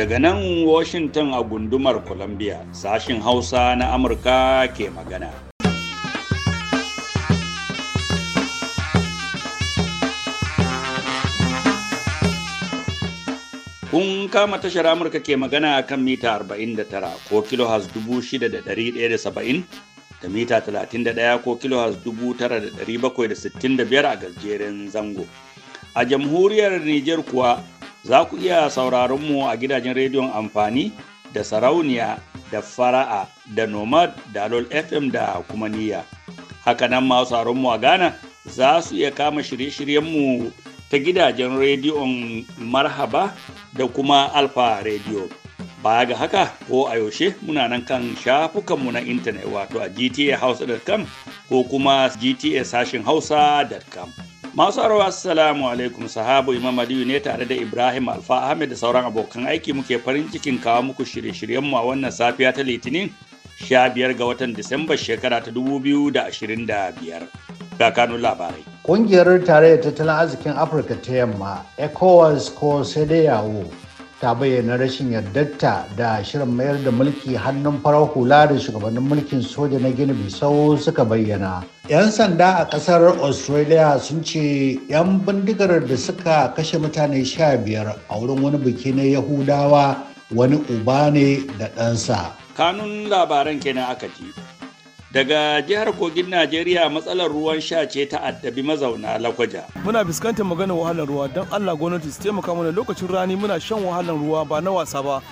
Daga nan Washington a gundumar Columbia, sashin Hausa na Amurka ke magana. Kun kama tashar Amurka ke magana kan mita 49 ko kilo 6,170 da mita 31 ko da 9765 a gajeren zango. A jamhuriyar Nijar kuwa za ku iya sauraron a gidajen rediyon amfani da sarauniya da fara'a da nomad da lol fm da kuma niyya. Hakanan masu mu a Ghana za su iya kama shirye-shiryenmu ta gidajen rediyon marhaba da kuma alfa rediyo. baya ga haka ko a yaushe muna nan kan shafukanmu na intanet wato a gtahouse.com ko kuma gta sashin hausa.com masu arawa assalamu alaikum sahabu imam aliyu ne tare da ibrahim alfa ahmed da sauran abokan aiki muke farin cikin kawo muku shirye-shiryenmu a wannan safiya ta litinin 15 ga watan disamba shekara ta 2025 kakanu labarai. Kungiyar tarayyar tattalin arzikin Afirka ta yamma ECOWAS ko sai dai yawo ta bayyana rashin yardarta da shirin mayar da mulki hannun farar hula da shugabannin mulkin soja na gini bisau suka bayyana. 'Yan sanda a kasar Australia sun ce 'yan bindigar da suka kashe mutane sha biyar a wurin wani biki na Yahudawa wani uba ne da ɗansa. Kanun labaran kenan aka ji. daga jihar kogin najeriya matsalar ruwan sha ce ta addabi mazauna lakwaja muna fuskantar maganar wahalar ruwa don allah gwamnati su taimaka mana lokacin rani muna shan wahalar ruwa ba na wasa ba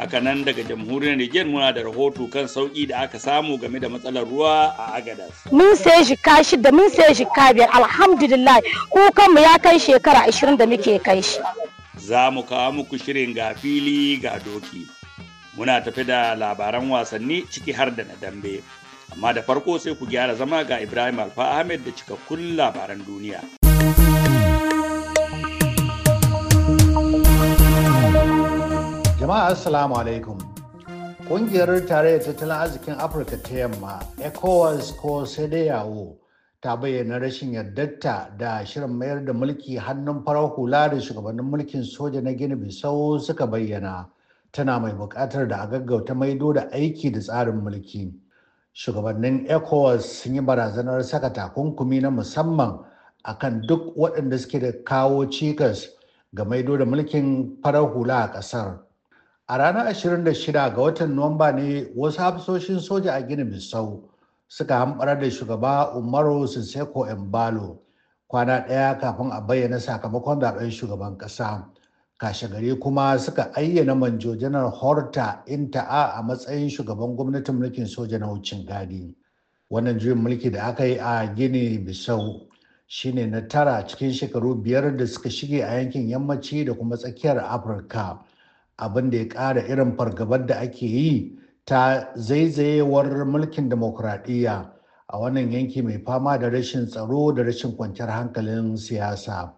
haka nan daga jamhuriyar Nijar muna da rahoto kan sauki da aka samu game da matsalar ruwa a Agadas. Mun sai shika shida mun sai shika biyar alhamdulillah kukanmu ya kai shekara ashirin da muke kai shi. Za mu kawo muku shirin ga fili ga doki. Muna tafi da labaran wasanni ciki har da na dambe. amma da farko sai ku gyara zama ga ibrahim alfa ahmed da cikakkun labaran duniya jama'a assalamu alaikum ƙungiyar tarayyar tattalin arzikin afirka ta yamma ecowas ko yawo ta bayyana rashin yardarta da shirin mayar da mulki hannun farar hula da shugabannin mulkin soja na gini bisau suka bayyana tana mai bukatar da a gaggauta maido da aiki da tsarin mulki. shugabannin ecowas sun yi barazanar saka takunkumi na musamman a kan duk waɗanda suke da kawo cikas ga maido da mulkin farar hula a ƙasar a ranar 26 ga watan nuwamba ne wasu hafsoshin soja a gini bisau suka hamɓarar da shugaba umaru sinseko embalo kwana ɗaya kafin a bayyana sakamakon zaɓen shugaban ƙasa. Kashegari kuma suka ayyana manjo janar horta inta'a a matsayin shugaban gwamnatin mulkin soja na wucin gadi wannan juyin mulki da aka yi a gini bisau shine na tara cikin shekaru biyar da suka shige a yankin yammaci da kuma tsakiyar afirka abin da ya ƙara irin fargabar da ake yi ta zaizayewar mulkin demokuraɗiyya a wannan yanki mai fama da rashin tsaro da rashin kwanciyar hankalin siyasa.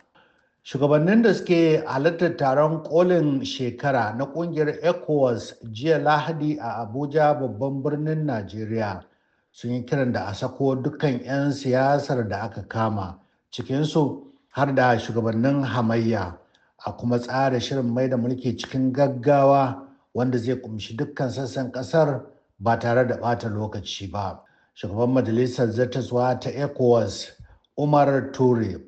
shugabannin da suke halartar taron kolin shekara na kungiyar ecowas jiya lahadi a abuja babban birnin najeriya sun yi kiran da a sako dukkan 'yan siyasar da aka kama cikinsu har da shugabannin hamayya a kuma tsara shirin mai da mulki cikin gaggawa wanda zai kumshi dukkan sassan kasar ba tare da bata lokaci ba shugaban majalisar zartaswa ta ecowas umar ture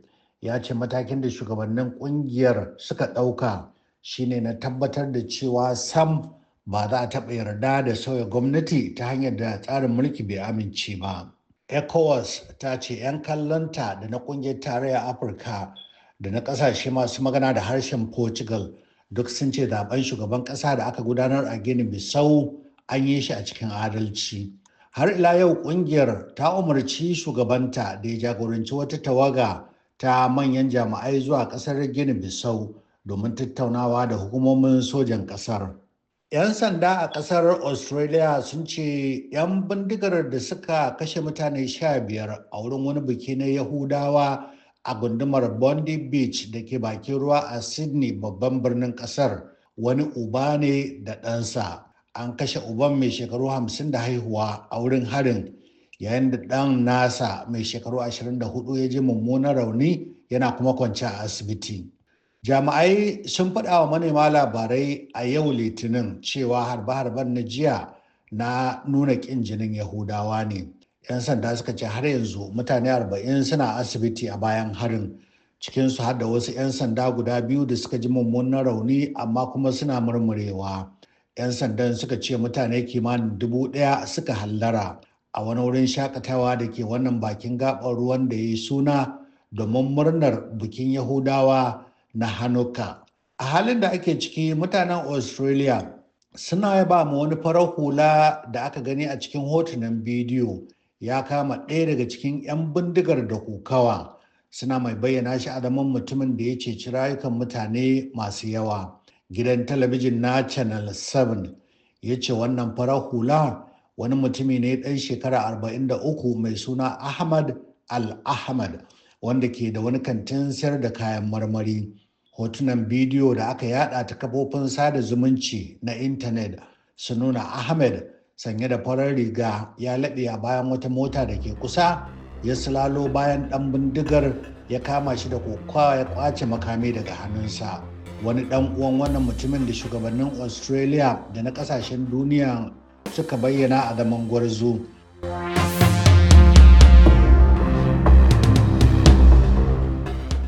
ya ce matakin da shugabannin kungiyar suka ɗauka shine na tabbatar da cewa sam ba za a taɓa yarda da sauya gwamnati ta hanyar da tsarin mulki bai amince ba. ECOWAS ta ce 'yan kallonta da na kungiyar tarayyar Afirka da na ƙasashe masu magana da harshen Portugal duk sun ce zaben shugaban ƙasa da aka gudanar a gini bisau an yi shi a cikin adalci. Har ila yau ƙungiyar ta umarci shugabanta da ya jagoranci wata tawaga ta manyan jami'ai zuwa kasar gini bisau domin tattaunawa da hukumomin sojan kasar. 'Yan sanda a kasar Australia sun ce 'yan bindigar da suka kashe mutane sha biyar a wurin wani biki na Yahudawa a gundumar Bondi Beach da ke bakin ruwa a Sydney babban birnin kasar wani uba ne da ɗansa. An kashe uban mai shekaru hamsin da haihuwa a wurin harin yayin da ɗan nasa mai shekaru 24 ya ji mummunan rauni yana kuma kwance a asibiti jami'ai sun faɗa wa manema labarai a yau litinin cewa harba harben na jiya na nuna ƙin jinin yahudawa ne 'yan sanda suka ce har yanzu mutane 40 suna asibiti a bayan harin cikinsu har da wasu 'yan sanda guda biyu da suka ji mummunan rauni amma kuma suna murmurewa 'yan sandan suka ce mutane kimanin dubu ɗaya suka hallara a wani wurin shakatawa da ke wannan bakin gabar ruwan da ya yi suna domin murnar bikin yahudawa na hanuka a halin da ake ciki mutanen australia suna ba mu wani farar hula da aka gani a cikin hotunan bidiyo ya kama ɗaya daga cikin 'yan bindigar da kokawa suna mai bayyana shi a zaman mutumin da ya ceci rayukan mutane masu yawa gidan talabijin na channel 7 ya ce wannan farar hula wani mutumi ne ɗan shekara 43 mai suna ahmad al-ahmad wanda ke da wani kantin sayar da kayan marmari hotunan bidiyo da aka yada ta kafofin sada zumunci na intanet su nuna ahmad sanye da farar riga ya laɗe a bayan wata mota da ke kusa ya silalo bayan ɗan bindigar ya kama shi da kokawa ya kwace makami daga hannunsa wani ɗan uwan wannan mutumin da shugabannin australia da na ƙasashen duniya suka bayyana a daman gwarzo.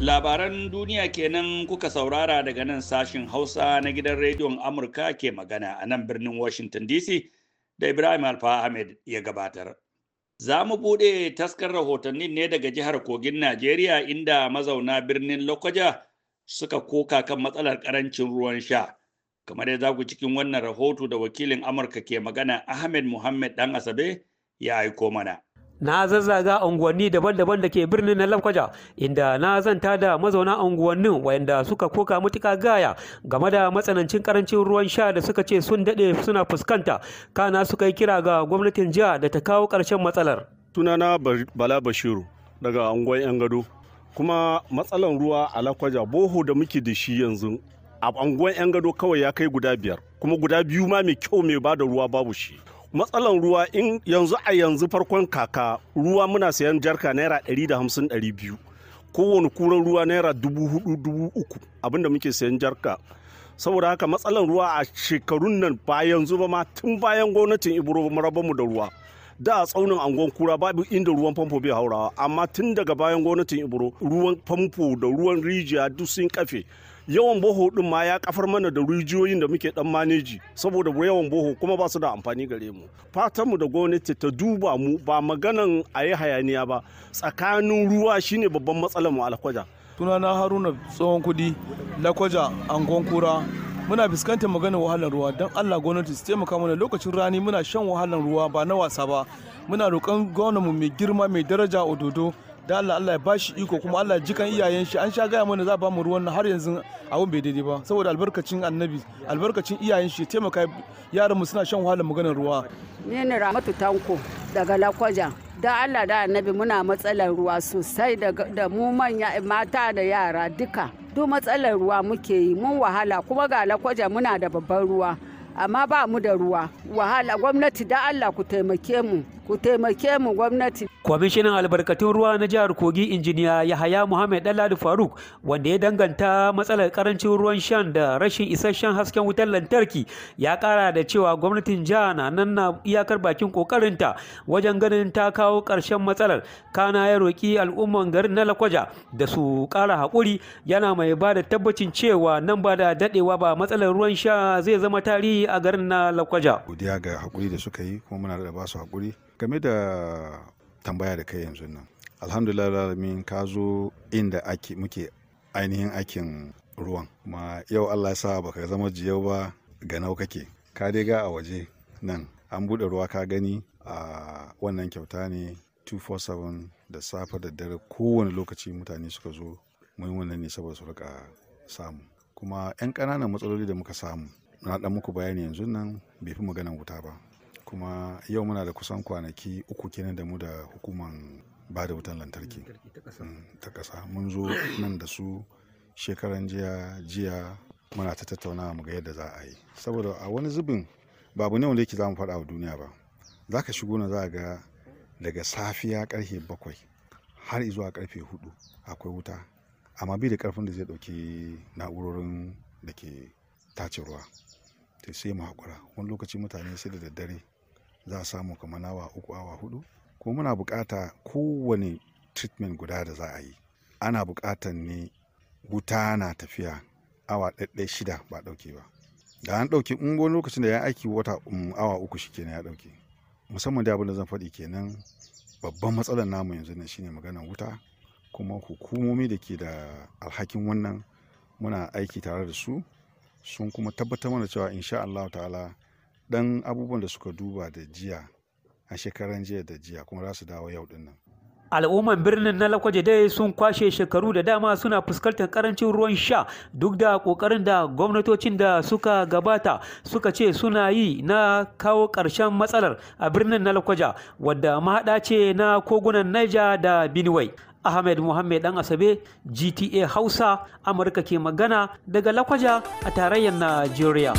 Labaran duniya kenan kuka saurara daga nan sashin Hausa na gidan rediyon Amurka ke magana a nan birnin Washington DC da Ibrahim Alfa Ahmed ya gabatar. Za mu buɗe taskar rahotannin ne daga jihar Kogin Najeriya inda mazauna birnin Lokoja suka koka kan matsalar ƙarancin ruwan sha. kamar yadda ku cikin wannan rahoto da wakilin amurka ke magana ahmed muhammad dan asabe ya aiko mana na zazzaga unguwanni daban-daban da ke birnin na lamkwaja inda na zanta da mazauna unguwannin wayanda suka koka mutuka gaya game da matsanancin karancin ruwan sha da suka ce sun daɗe suna fuskanta kana suka yi kira ga gwamnatin jiya da ta kawo karshen matsalar sunana bala bashiru daga unguwan yan gado kuma matsalan ruwa a lakwaja boho da muke da shi yanzu a anguwan 'yan gado kawai ya kai guda biyar kuma guda biyu ma mai kyau mai bada ruwa babu shi matsalan ruwa in yanzu a yanzu farkon kaka ruwa muna sayan jarka naira da 150-200 kowane kuran ruwa naira uku abinda muke sayan jarka saboda haka matsalan ruwa a shekarun nan ba yanzu ba ma tun bayan gwamnatin ibro mu da ruwa da a tsaunin angon kura babu inda ruwan famfo bai haurawa amma tun daga bayan gwamnatin ibro ruwan famfo da ruwan rijiya duk sun kafe yawan boho din ma ya kafar mana da rijiyoyin da muke dan maneji saboda yawan boho kuma ba su da amfani gare mu fatan mu da gwamnati ta duba mu ba maganan a yi hayaniya ba tsakanin ruwa shine babban matsalar mu alkwaja na haruna tsohon kudi lakwaja angon kura muna fuskantar maganar wahalar ruwa don allah gwamnati su taimaka mana lokacin rani muna shan wahalar ruwa ba na wasa ba muna roƙon gwamnati mai girma mai daraja ododo da Allah Allah ya bashi iko kuma Allah ya jikan iyayen shi an sha gaya mana za ba mu ruwan har yanzu abun bai daidai ba saboda albarkacin annabi albarkacin iyayen shi taimaka yaran mu suna shan wahalar maganar ruwa ni ne Ramatu Tanko daga Lakwaja da Allah da annabi muna matsalar ruwa sosai da mu manya mata da yara duka duk matsalar ruwa muke yi mun wahala kuma ga Lakwaja muna da babban ruwa amma ba mu da ruwa wahala gwamnati da Allah ku taimake mu ku taimake mu gwamnati. Kwamishinan albarkatun ruwa na jihar Kogi injiniya Yahaya Muhammad Dalladu Faruk wanda ya danganta matsalar karancin ruwan shan da rashin isasshen hasken wutar lantarki ya kara da cewa gwamnatin jihar na nan na iyakar bakin kokarinta wajen ganin ta kawo karshen matsalar kana ya roki al'umman garin na Lakwaja da su kara haƙuri yana mai ba da tabbacin cewa nan ba da dadewa ba matsalar ruwan sha zai zama tarihi a garin na Lakwaja. Godiya ga haƙuri da suka yi kuma muna da ba su haƙuri game da tambaya da kai yanzu nan alhamdulillah ka zo inda ake muke ainihin aikin ruwan ma yau allah sa ba ka zama jiyau ba ga ganau kake ka dai ga a waje nan an buɗe ruwa ka gani a wannan kyauta ne 247 da safe da dare kowane lokaci mutane suka zo mun wannan ne saboda su rika samu kuma 'yan ƙananan matsaloli da muka samu na ɗan muku bayani yanzu nan bai fi maganan wuta ba kuma yau muna da kusan kwanaki uku kenan da mu da hukuman ba da wutan lantarki mm, ta kasa mun zo nan da su shekaran jiya jiya muna ta tattauna mu ga yadda za a yi saboda a wani zubin babu ne wanda yake za mu faɗa wa duniya ba za ka shigo na za a ga daga safiya karfe bakwai har zuwa karfe hudu akwai wuta amma bi da karfin da zai ɗauki na'urorin da ke tace ruwa sai mu haƙura wani lokaci mutane sai da daddare za a samu kamar awa uku awa hudu ko muna bukata kowane treatment guda da za a yi ana bukatan ne wuta na tafiya awa ɗaiɗai shida ba ɗauke ba da an ɗauke in lokacin da ya aiki wata mm, awa uku shi kenan ya ɗauke musamman da abin da zan faɗi kenan babban matsalar namu yanzu ne shine maganar wuta kuma hukumomi da ke da alhakin wannan muna aiki tare da su sun kuma tabbatar mana cewa insha Allah ta'ala dan abubuwan da suka duba da jiya a shekaran jiya da jiya kuma za su dawo yau din nan al'umman birnin na lakwaje dai sun kwashe shekaru da dama suna fuskantar karancin ruwan sha duk da kokarin da gwamnatocin da suka gabata suka ce suna yi na kawo karshen matsalar a birnin na lakwaja wadda mahaɗa ce na kogunan naija da benue ahmed muhammed dan asabe gta hausa amurka ke magana daga lakwaja a tarayyar najeriya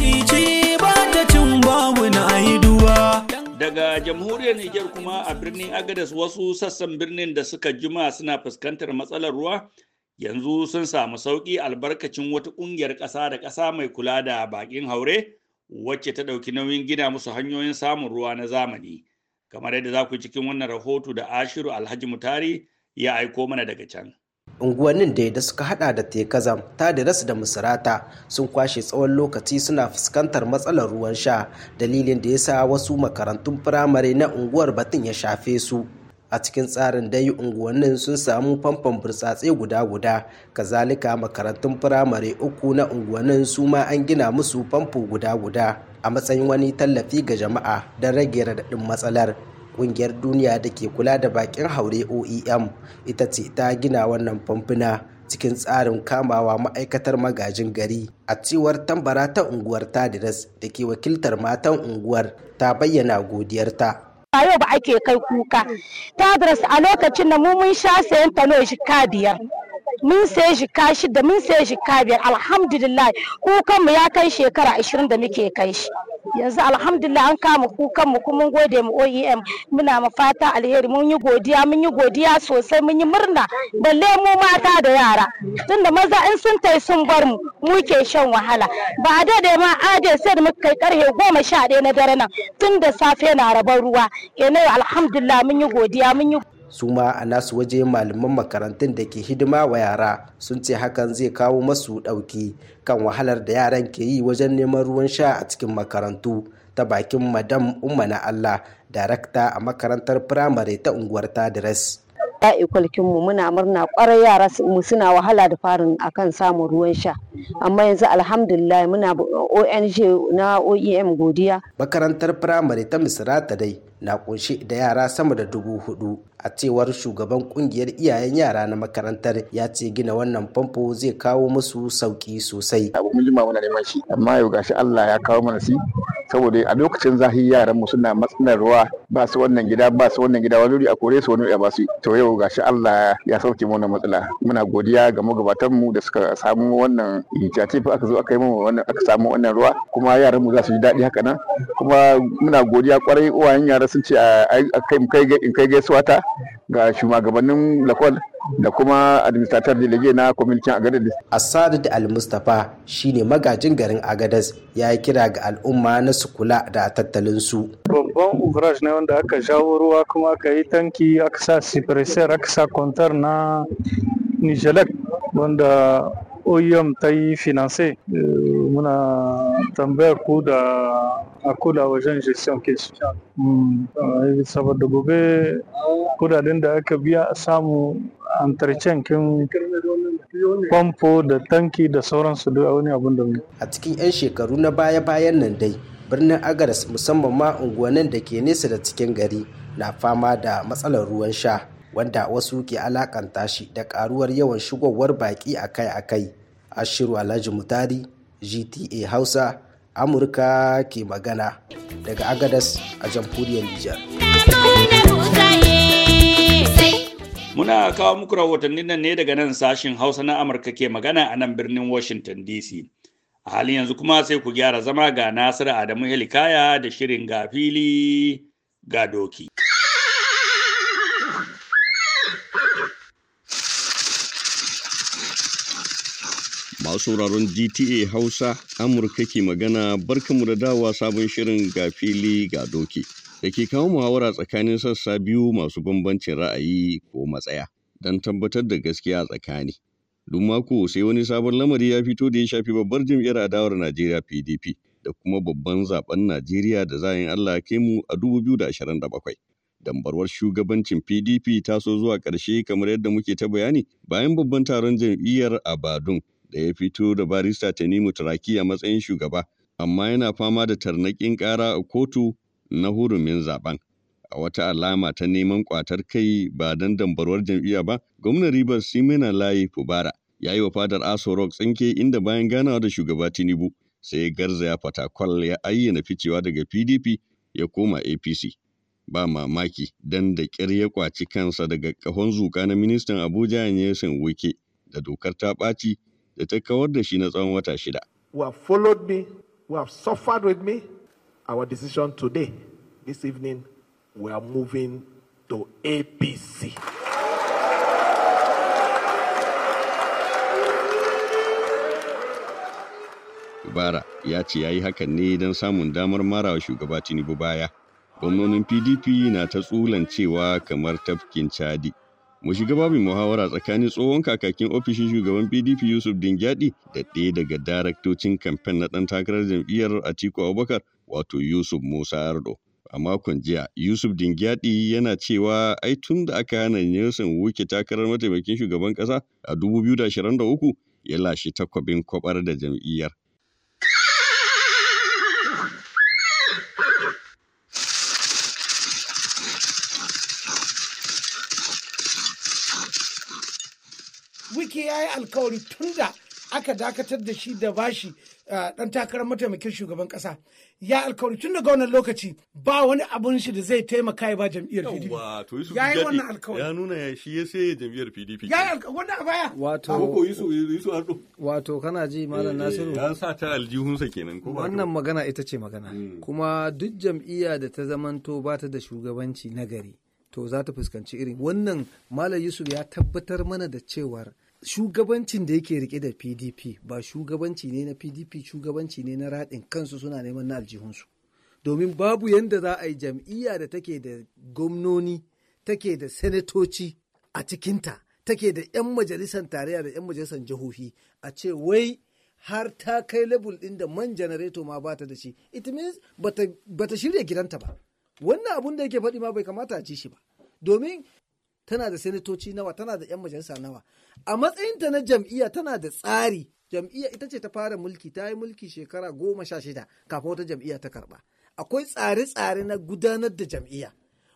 cin babu na aiduwa. Daga jamhuriyar Nijar kuma a birnin Agadas wasu sassan birnin da suka jima suna fuskantar matsalar ruwa yanzu sun samu sauƙi albarkacin wata ƙungiyar ƙasa da ƙasa mai kula da baƙin haure wacce ta ɗauki nauyin gina musu hanyoyin samun ruwa na zamani. Kamar yadda za ku cikin wannan rahoto da Ashiru Alhaji Mutari ya aiko mana daga can. unguwannin da da suka hada da tekazam ta da da musirata, sun kwashe tsawon lokaci suna fuskantar matsalar ruwan sha dalilin da ya sa wasu makarantun firamare na unguwar batun ya shafe su a cikin tsarin dai unguwannin sun samu famfon burtsatse guda-guda kazalika makarantun firamare uku na unguwannin su ma an gina musu famfo guda-guda a matsayin wani tallafi ga jama'a don rage raɗaɗin matsalar Ƙungiyar duniya da ke kula da bakin haure OEM ita ce ta gina wannan famfuna cikin tsarin kamawa ma'aikatar magajin gari a cewar tambara ta unguwar tadiras da ke wakiltar matan unguwar ta bayyana godiyarta. a yau ba ake kai kuka tadiras a lokacin da mu mun sha sayan tano shika biyar mun sayi shika shida mun sayi shika biyar alhamdulillah kukanmu ya kai shekara ashirin da muke kai shi yanzu alhamdulillah an kama kukan mu kuma mun gode mu OEM muna mu fata alheri mun yi godiya mun yi godiya sosai mun yi murna balle mu mata da yara tunda maza in sun tai sun bar mu mu ke shan wahala ba da da ma adai sai da muka kai karhe goma sha ɗaya na dare nan tunda safe na rabar ruwa kenan eh, alhamdulillah mun yi godiya mun yi su ma a nasu waje malaman makarantun da ke hidima wa yara sun ce hakan zai kawo masu ɗauki kan wahalar da yaran ke yi wajen neman ruwan sha a cikin makarantu ta bakin madam umma na allah darakta a makarantar firamare ta unguwar tadres ya'i mu muna murna kwarai yara mu suna wahala da farin akan samun ruwan sha amma yanzu alhamdulillah muna ONG na OEM godiya makarantar firamare ta Misrata dai na kunshi da yara sama da dubu hudu a cewar shugaban kungiyar iyayen yara na makarantar ya ce gina wannan famfo zai kawo musu sauki sosai abu mun jima muna neman shi amma yau gashi Allah ya kawo mana shi saboda a lokacin zahi yaran mu suna matsanarwa ba su wannan gida ba su wannan gida wani a kore su wani a su to yau gashi Allah ya sauke mana matsala muna godiya ga magabatan mu da suka samu wannan initiative aka zo aka yi mu wannan aka samu wannan ruwa kuma yaran mu za su ji daɗi haka nan kuma muna godiya kwarai uwayen yara sun ce a kai kai gaisuwa ta ga shugabannin lakwal da kuma administrator delege na kwamitin agadez asad al-mustapha shine magajin garin agadez ya yi kira ga al'umma na su kula da tattalin su babban ouvrage ne wanda aka jawo ruwa kuma aka yi tanki aka sa sipresser aka sa kwantar na nijelek wanda OEM ta yi finance eh, muna tambayar ku da a kula wajen gestion su. Hmm, eh, saboda gobe kudaden da aka biya samu antarcen kin famfo da tanki da sauransu duk wani abun da a cikin 'yan shekaru na baya-bayan nan dai birnin agaras musamman ma unguwannin da ke nesa da cikin gari na fama da matsalar ruwan sha wanda wasu ke alakanta shi da karuwar yawan shigowar baki akai-akai a ashiru alhaji mutari gta hausa amurka ke magana daga agadas a jamhuriyar nijar Muna kawo muku rahotannin nan ne daga nan sashin Hausa na Amurka ke magana a nan birnin Washington DC. A halin yanzu kuma sai ku gyara zama ga Nasir Adamu Helikaya da shirin ga fili ga doki. Masu sauraron GTA Hausa Amurka ke magana barkanmu da dawa sabon shirin ga fili ga doki. da ke kawo muhawara tsakanin sassa biyu masu bambancin ra'ayi ko matsaya don tabbatar da gaskiya a tsakani. Duk mako sai wani sabon lamari ya fito da ya shafi babbar jam'iyyar adawar Najeriya PDP da kuma babban zaben Najeriya da za yin Allah kai mu a 2027. Dambarwar shugabancin PDP ta so zuwa ƙarshe kamar yadda muke ta bayani bayan babban taron jam'iyyar a da ya fito da barista Tanimu Turaki a matsayin shugaba amma yana fama da tarnaƙin ƙara a kotu na hurumin zaben. A wata alama ta neman kwatar kai ba don dambarwar jam'iyya ba, gwamnan Rivers Simena Layi Fubara ya yi wa fadar Aso Rock tsinke inda bayan ganawa da shugaba Tinubu sai garza ya fata kwal ya ayyana ficewa daga PDP ya koma APC. Ba mamaki don da ƙyar ya kwaci kansa daga ƙahon zuka na ministan Abuja Nyesin Wike da dokar ta ɓaci da ta kawar da shi na tsawon wata shida. our decision today, this evening, we are moving to APC. Bara ya ce ya yi hakan ne don samun damar marawa shugaba Tinubu baya. Gwamnonin PDP na ta tsulan cewa kamar tafkin Chadi. mu shiga babin muhawara tsakanin tsohon kakakin ofishin shugaban pdp yusuf dingyadi da ɗaya daga daraktocin kamfen na ɗan takarar jam'iyyar atiku abubakar wato Yusuf Musa Yardo. A makon jiya, Yusuf Dingyadi yana cewa ai tun da aka hana Nelson Wuke takarar mataimakin shugaban ƙasa a 2023 ya lashe takwabin kwabar da jam'iyyar. Wiki ya yi alkawari tun da aka dakatar da shi da bashi eh, ɗan takarar mataimakin shugaban ƙasa ya alkawari tun daga wannan lokaci ba wani abun shi da zai taimaka ya ba jam'iyyar PDP. Ya yi wannan alkawari. Ya nuna shi ya sai jam'iyyar PDP. Ya yi alkawari wanda a baya. Wato. Wato kana ji Malam eh, Nasiru. Ya sa ta aljihunsa kenan ko Wannan magana ita ce magana. Hmm. Kuma duk jam'iyya da ta zamanto ba ta da shugabanci na gari. To za ta fuskanci irin wannan Malam Yusuf ya tabbatar mana da cewar shugabancin da yake rike da pdp ba shugabanci ne na pdp shugabanci ne na raɗin kansu suna neman na aljihunsu domin babu yadda za a yi jam'iyya da take da gwamnoni take da sanatoci a cikinta take da 'yan majalisar tarayya da 'yan majalisar jihohi a ce wai har ta kai labul ɗin da man janareto ma ba ta da shi it means bata, bata shirya gidanta ba wannan abun da yake faɗi ma bai kamata a ci shi ba domin tana da senatoci nawa tana da 'yan majalisa nawa a matsayinta na jam'iyya tana da tsari jam'iyya ita ce ta fara mulki ta yi mulki shekara goma sha shida kafin wata jam'iyya ta karba akwai tsare-tsare na gudanar da jam'iyya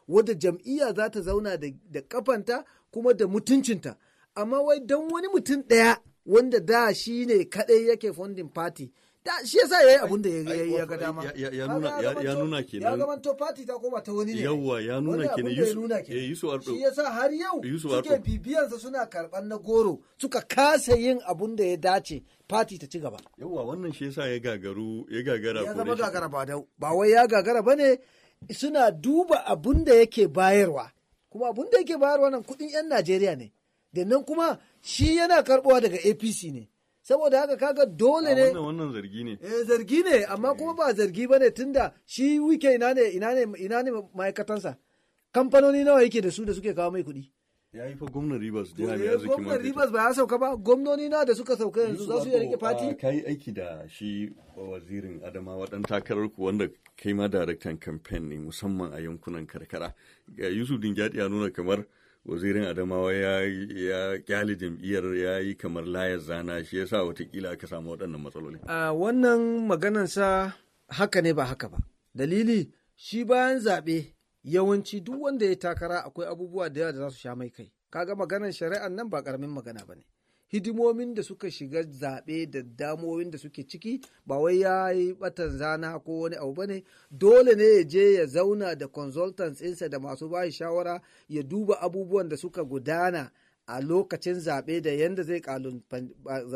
wadda jam'iyya za ta zauna da kafanta kuma da mutuncinta amma wai don wani mutum ɗaya wanda da shi ne kaɗai yake funding party da shi yasa yayi abin da ya ga dama ya nuna ya nuna kenan ya gaban party ta koma ta wani ne yawa ya nuna kenan eh, Yusuf Ardo shi yasa har yau suke bibiyan sa suna karban na goro suka kasa yin abun da ya dace party ta ci gaba yawa wannan shi yasa ya gagaru ya gagara ya zama gagara ba dau ba wai ya gagara bane suna duba abun da yake bayarwa kuma abun da yake bayarwa nan kudin yan Najeriya ne da nan kuma shi yana karbowa daga APC ne saboda haka kaga dole ne wannan zargi ne eh zargi ne amma kuma ba zargi bane tunda shi wike ina ne ina ne ina ne ma'aikatansa kamfanoni nawa yake da su da suke kawo mai kuɗi ya yi fa gwamnan Rivers eh, da yanzu zaki gwamnan Rivers ba ya sauka ba gwamnoni na da suka sauka yanzu za su iya rike fati ka yi aiki da shi wazirin Adamawa dan takarar ku wanda kai ma daraktan campaign ne musamman a yankunan karkara Yusuf Dingyadi ya nuna kamar wazirin adamawa ya kyale jam'iyyar ya yi kamar layar zana shi yasa watakila aka samu waɗannan matsaloli. a wannan maganansa haka ne ba haka ba dalili shi bayan zaɓe yawanci duk wanda ya takara akwai abubuwa da yawa da za su sha mai kai kaga maganar shari'ar nan ba ƙaramin magana ba ne hidimomin da suka shiga zaɓe da damomin da suke ciki ba wai ya yi batan zana ko wani abu bane dole ne ya je ya zauna da consultants ɗinsa da masu bayi shawara ya duba abubuwan da suka gudana a lokacin zaɓe da yadda zai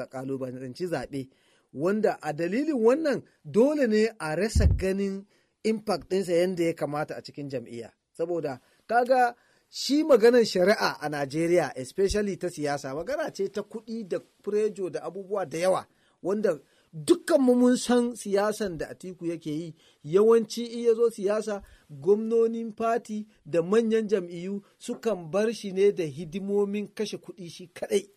kalubalanci zaɓe wanda a dalilin wannan dole ne a rasa ganin impact ɗinsa yadda ya kamata a cikin jam'iyya saboda kaga shi maganar shari'a a Najeriya especially ta siyasa magana ce ta kuɗi da furejo da abubuwa da yawa wanda dukkan mu mun san siyasan da Atiku yake yi yawanci iya zo siyasa gwamnonin fati da manyan jam'iyyu sukan bar shi ne da hidimomin kashe kuɗi shi kaɗai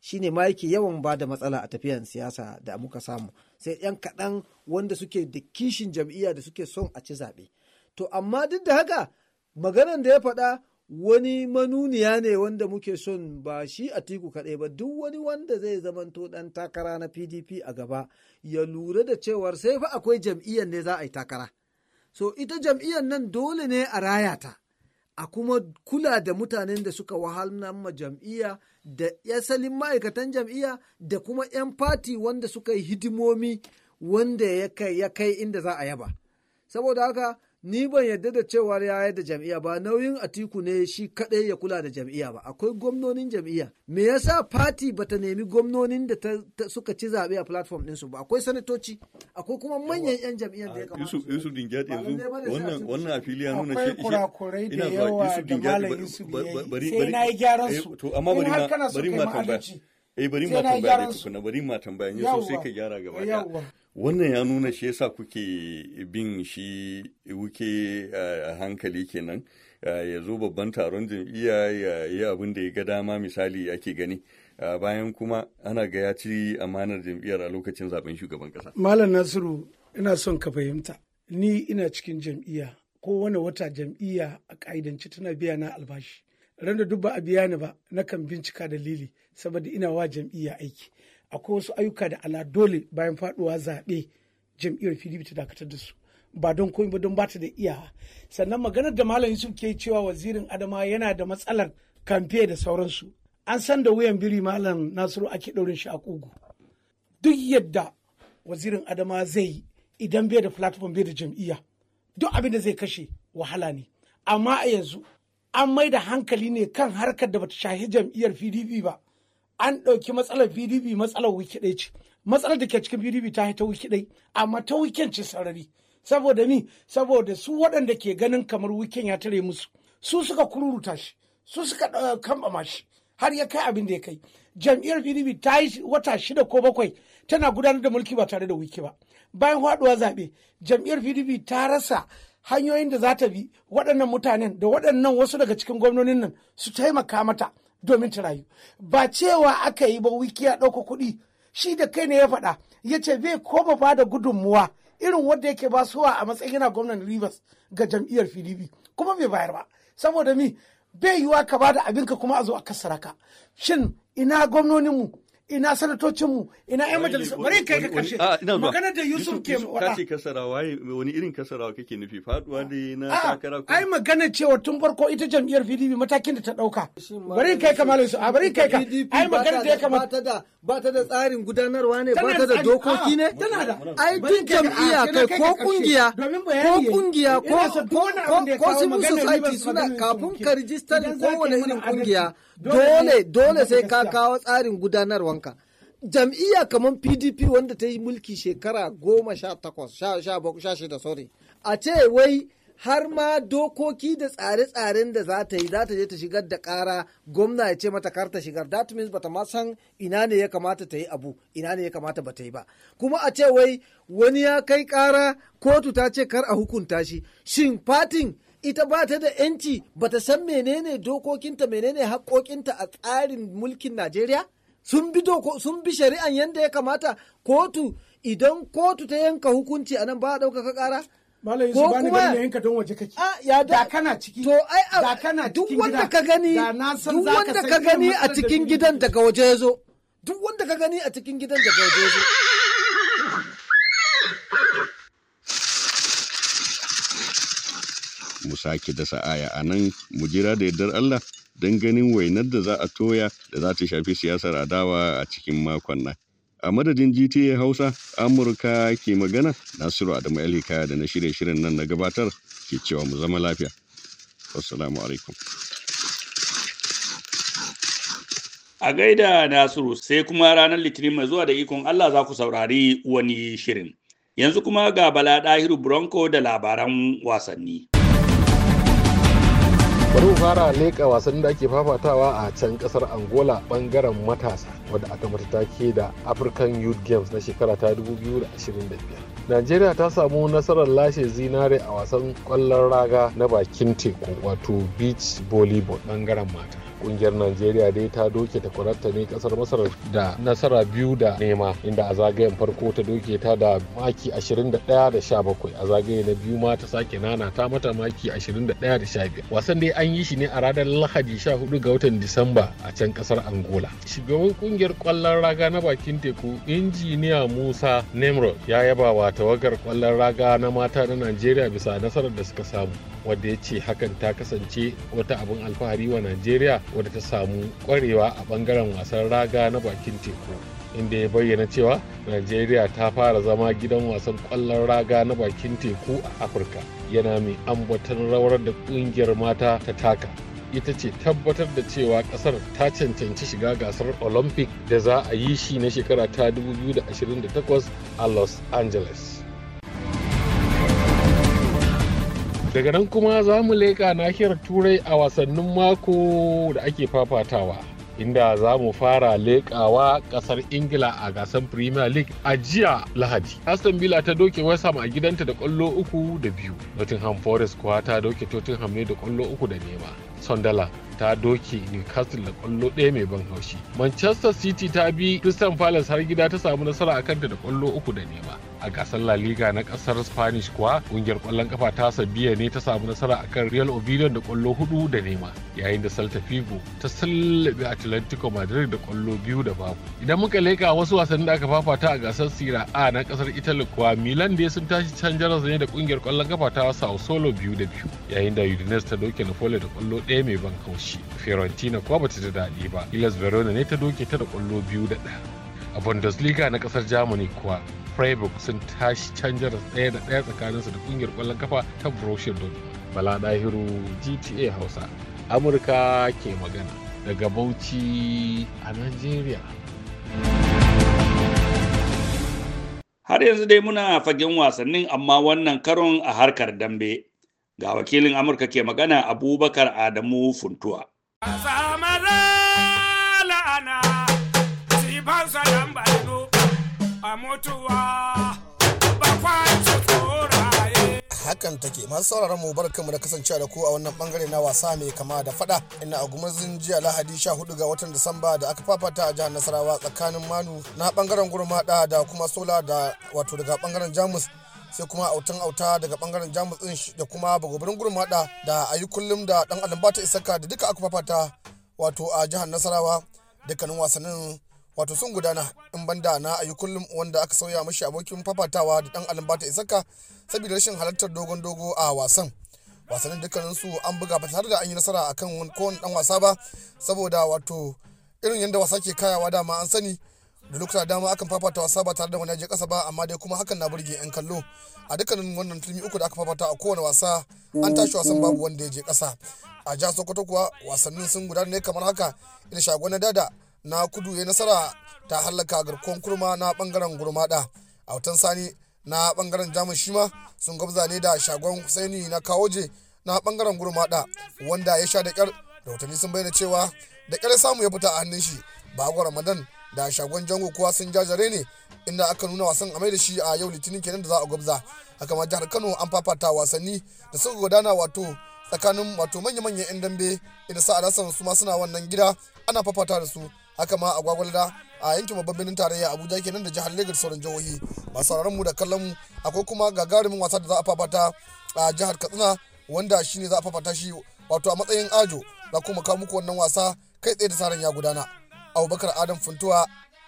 shine ma yake yawan ba da matsala a tafiyan siyasa da muka samu sai 'yan kaɗan wanda suke da kishin jam'iyya da suke son a ci zaɓe to amma duk da haka maganan da ya faɗa wani manuniya ne wanda muke son ba shi a tiku kaɗai ba duk wani wanda zai zamanto ɗan takara na pdp a gaba ya lura da cewar sai fa akwai jam'iyyar ne za a yi takara so ita jam'iyyar nan dole ne a raya ta a kuma kula da mutanen da suka wahalar ma jam'iyya da asalin ma'aikatan jam'iyya da kuma 'yan fati wanda suka yi hidimomi wanda ya kai inda za a yaba saboda haka ni ban yarda da cewa ya yi da jam'iyya ba nauyin atiku ne shi kaɗai ya kula da jam'iyya ba akwai gwamnonin jam'iyya me yasa fati ta nemi gwamnonin da suka ci zaɓe a platform ɗinsu ba akwai sanatoci akwai kuma manyan yan jam'iyyar da ya ah, kamata Yusuf Yusuf Dingyat yanzu wannan wannan a fili ya nuna shi akwai kurakurai da yawa da Yusuf bari bari sai na yi gyaran eh, su to amma bari ma bari ma tambaya eh bari ma tambaye ne bari ma tambaye ne so sai ka gyara gaba wannan ya nuna shi yasa kuke bin shi wuke eh, a hankali kenan eh, ya zo babban taron jam'iyya ya yi abin da ya ga dama misali ake gani eh, bayan kuma ana ga ya ci amanar jam'iyyar a lokacin zaben shugaban kasa malam nasiru ina son ka fahimta ni ina cikin jam'iyya ko wani wata jam'iyya a ƙa'idance tana biya na albashi randa da duk ba a biya ni ba na kan bincika dalili saboda ina wa jam'iyya aiki akwai wasu ayyuka da ala dole bayan faduwa zaɓe jam'iyyar pdp ta dakatar da su ba don komai ba don ba ta da iyawa sannan maganar da malam yusuf ke cewa wazirin adama yana da matsalar kamfe da sauransu an san da wuyan biri malam nasiru ake ɗaurin shi a kugu duk yadda wazirin adama zai yi idan bai da platform bai da jam'iyya duk abin da zai kashe wahala ne amma a yanzu an mai da hankali ne kan harkar da bata shahi jam'iyyar pdp ba an ɗauki matsalar pdp matsalar wiki ce matsalar da ke cikin pdp ta haita wiki ɗai amma ta wikin ci sarari saboda ni saboda su waɗanda ke ganin kamar wiken ya tare musu su suka kururuta shi su suka eh, kambama shi har ya kai abin da ya kai jam'iyyar pdp ta yi wata shida ko bakwai tana gudanar da mulki ba tare da wiki ba bayan haɗuwa zaɓe jam'iyyar pdp ta rasa hanyoyin da za ta bi waɗannan mutanen da waɗannan wasu daga cikin gwamnonin nan su taimaka mata domin ta rayu ba cewa aka yi ba wiki ya ɗauka kuɗi shi da kai ne ya faɗa ya ce bai koma ba da gudunmuwa irin wanda yake ba suwa a matsayin yana gwamnan rivers ga jam'iyyar pdp kuma bai bayar ba saboda mi bai yiwa ka ba da abinka kuma a zo a kassara ka shin ina gwamnonin mu. ina sanatocinmu ina yan majalisar bari kai ka kashe ah, magana da Yusuf ke wada kace kasarawa wani irin kasarawa kake nufi faduwa ne na ah, takara ko ai magana cewa tun farko ita jam'iyyar PDP matakin da ta dauka bari kai ka malai su a bari kai ka ai magana da ya kamata da ba ta da tsarin gudanarwa ne ba ta da dokoki ne ah, tana da ai duk jam'iyya kai ko kungiya ko kungiya ko ko civil society suna kafin ka rijistar kowane irin kungiya dole dole sai ka kawo tsarin gudanarwa wanka jam'iyya kamar pdp wanda ta yi mulki shekara goma sha takwas sha shida sorry a ce wai har ma dokoki da tsare-tsaren da za ta yi za ta je ta shigar da kara gwamna ya ce mata kar ta shigar that means bata ma san ina ne ya kamata ta yi abu ina ne ya kamata bata yi ba kuma a ce wai wani ya kai kara kotu ta ce kar a hukunta shi shin fatin ita ba ta da yanci bata san menene dokokinta menene haƙoƙinta a tsarin mulkin najeriya sun bi doko sun bi shari'an yadda ya kamata kotu idan kotu ta yanka hukunci a nan ba a ɗaukaka ƙara ko kuma yanka don waje kake ya da kana ciki to ai da kana duk wanda ka gani duk wanda ka gani a cikin gidan daga waje ya zo duk wanda ka gani a cikin gidan daga waje ya zo mu sake dasa aya a nan mu jira da yardar Allah don ganin wainar da za a toya da za ta shafi siyasar adawa a cikin makon nan. A madadin GTA Hausa, Amurka ke magana, Nasiru Adamu Alhika da na shirya shirin nan na gabatar ke cewa mu zama lafiya. Assalamu alaikum. A gaida Nasiru sai kuma ranar Litinin mai zuwa da ikon Allah za ku saurari wani shirin. Yanzu kuma ga Bala Dahiru, Bronco da labaran wasanni. bari mu fara leƙa wasannin da ake fafatawa a can kasar angola bangaren matasa wadda aka mata ke da african youth games na shekara ta 2025 nigeria ta samu nasarar lashe zinare a wasan kwallon raga na bakin teku wato beach volleyball bangaren mata. kungiyar najeriya dai ta doke ta kwararta ne kasar masar da nasara biyu da nema inda a zagayen farko ta doke ta da maki 21 da 17 a zagaye na biyu ma ta sake nana ta mata maki 21 da 15 wasan dai an yi shi ne a ranar lahadi 14 ga watan disamba a can kasar angola shugaban kungiyar kwallon raga na bakin teku injiniya musa nemrod ya yaba wa tawagar kwallon raga na mata na najeriya bisa nasarar da suka samu wadda ya ce hakan ta kasance wata abin alfahari wa najeriya wadda ta samu kwarewa a bangaren wasan raga na bakin teku inda ya bayyana cewa najeriya ta fara zama gidan wasan kwallon raga na bakin teku a afirka yana mai ambaton rawar da kungiyar mata ta taka ita ce tabbatar da cewa kasar ta cancanci shiga gasar olympic da za a yi shi na shekara ta 2028 a los angeles daga nan kuma za mu leƙa nahiyar turai a wasannin mako da ake fafatawa inda za mu fara lekawa ƙasar ingila a gasar premier league a jiya lahadi aston villa ta doke west ham a gidanta da ƙwallo uku da biyu nottingham forest kuwa ta doke tottenham ne da ƙwallo uku da nema sunderland ta doke newcastle da ƙwallo ɗaya mai ban haushi manchester city ta bi crystal palace har gida ta samu nasara a kanta da kwallo uku da nema a gasar La Liga na kasar Spanish kuwa kungiyar kwallon kafa ta Sabiya ne ta samu nasara a kan Real Oviedo da kwallo hudu da nema yayin da Celta Vigo ta sallabe Atlantico Madrid da kwallo biyu da babu. Idan muka leka wasu wasannin da aka fafata a gasar sira A na kasar Italy kuwa Milan da sun tashi can jarasa ne da kungiyar kwallon kafa ta Sao Solo biyu da biyu yayin da Udinese ta doke Napoli da kwallo daya mai ban kaushi. Fiorentina kuwa bata ji daɗi ba. Ilas Verona ne ta doke ta da kwallo biyu da ɗaya. a bundesliga na kasar germany kuwa freiburg sun tashi canjar ɗaya da ɗaya tsakaninsu da kungiyar ƙwallon kafa ta borussia dortmund bala dahiru gta hausa amurka ke magana daga bauchi a nigeria har yanzu dai muna fagen wasannin amma wannan karon a harkar dambe ga wakilin amurka ke magana abubakar adamu funtuwa hakan take masu sauraron mu mu da kasancewa da ku a wannan bangare na wasa mai kama da fada ina a gumurzin jiya lahadi 14 ga watan disamba da aka fafata a jihar nasarawa tsakanin manu na bangaren gurmada da kuma sola da wato daga bangaren jamus sai kuma autan auta daga bangaren jamus din da kuma bagobirin gurmada da ayi kullum da dan alambata isaka da duka aka fafata wato a jihar nasarawa dukkanin wasannin wato sun gudana in banda na ayi kullum wanda aka sauya mashi abokin fafatawa da dan alambata isaka saboda rashin halartar dogon dogo a wasan wasannin dukkanin su an buga ba tare da an yi nasara akan kowane dan wasa ba saboda wato irin yadda wasa ke kayawa dama an sani da lokuta dama akan fafata wasa ba tare da wani je kasa ba amma dai kuma hakan na burge yan kallo a dukkanin wannan turmi uku da aka fafata a kowane wasa an tashi wasan babu wanda ya je kasa a jihar sokoto kuwa wasannin sun gudana ne kamar haka ina shagon na dada na kudu ya nasara ta hallaka garkon kurma na bangaren gurmada a watan sani na bangaren jamus shima sun gwabza ne da shagon husaini na kawoje na bangaren gurmada wanda ya sha da kyar sun bayyana cewa da kyar samu ya fita a hannun shi ba a ramadan da shagon jango kuwa sun jajare ne inda aka nuna wasan amai da shi a yau litinin kenan da za a gwabza haka ma jihar kano an fafata wasanni da suka gudana wato tsakanin wato manya-manyan 'yan dambe inda sa'adasan su ma suna wannan gida ana fafata da su haka ma a gwagwalda a yankin babban birnin tarayya abuja kenan da jihar lagos sauran jihohi masu sauraron mu da kallon mu akwai kuma gagarumin wasa da za a fafata a jihar katsina wanda shine za a fafata shi wato a matsayin ajo za kuma kawo muku wannan wasa kai tsaye da saran ya gudana abubakar adam funtuwa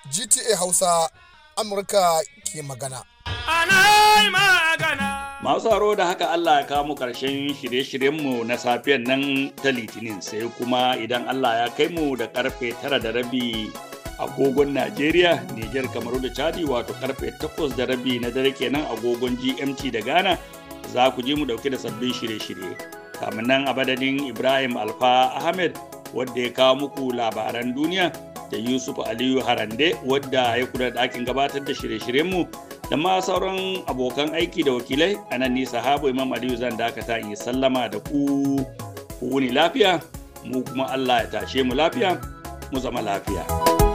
gta hausa amurka ke magana. Ana magana. Masu haro da haka Allah ya kamu ƙarshen shirye-shiryenmu na safiyan nan ta Litinin sai kuma idan Allah ya kai mu da karfe tara da rabi agogon Najeriya, Nijar kamar da Chadi wato karfe takwas da rabi na dare kenan agogon GMT da Ghana za ku ji mu dauke da sabbin shirye-shirye. Kamin nan a badadin Ibrahim Alfa Ahmed wadda ya kawo muku labaran duniya. da Yusuf Aliyu Harande wadda ya kula da ɗakin gabatar da shirye-shiryenmu da ma sauran abokan aiki da wakilai a nan nisa, habu Imam Aliyu zan dakata in yi sallama da ku ku wuni lafiya mu kuma Allah ya tashe mu lafiya mu zama lafiya.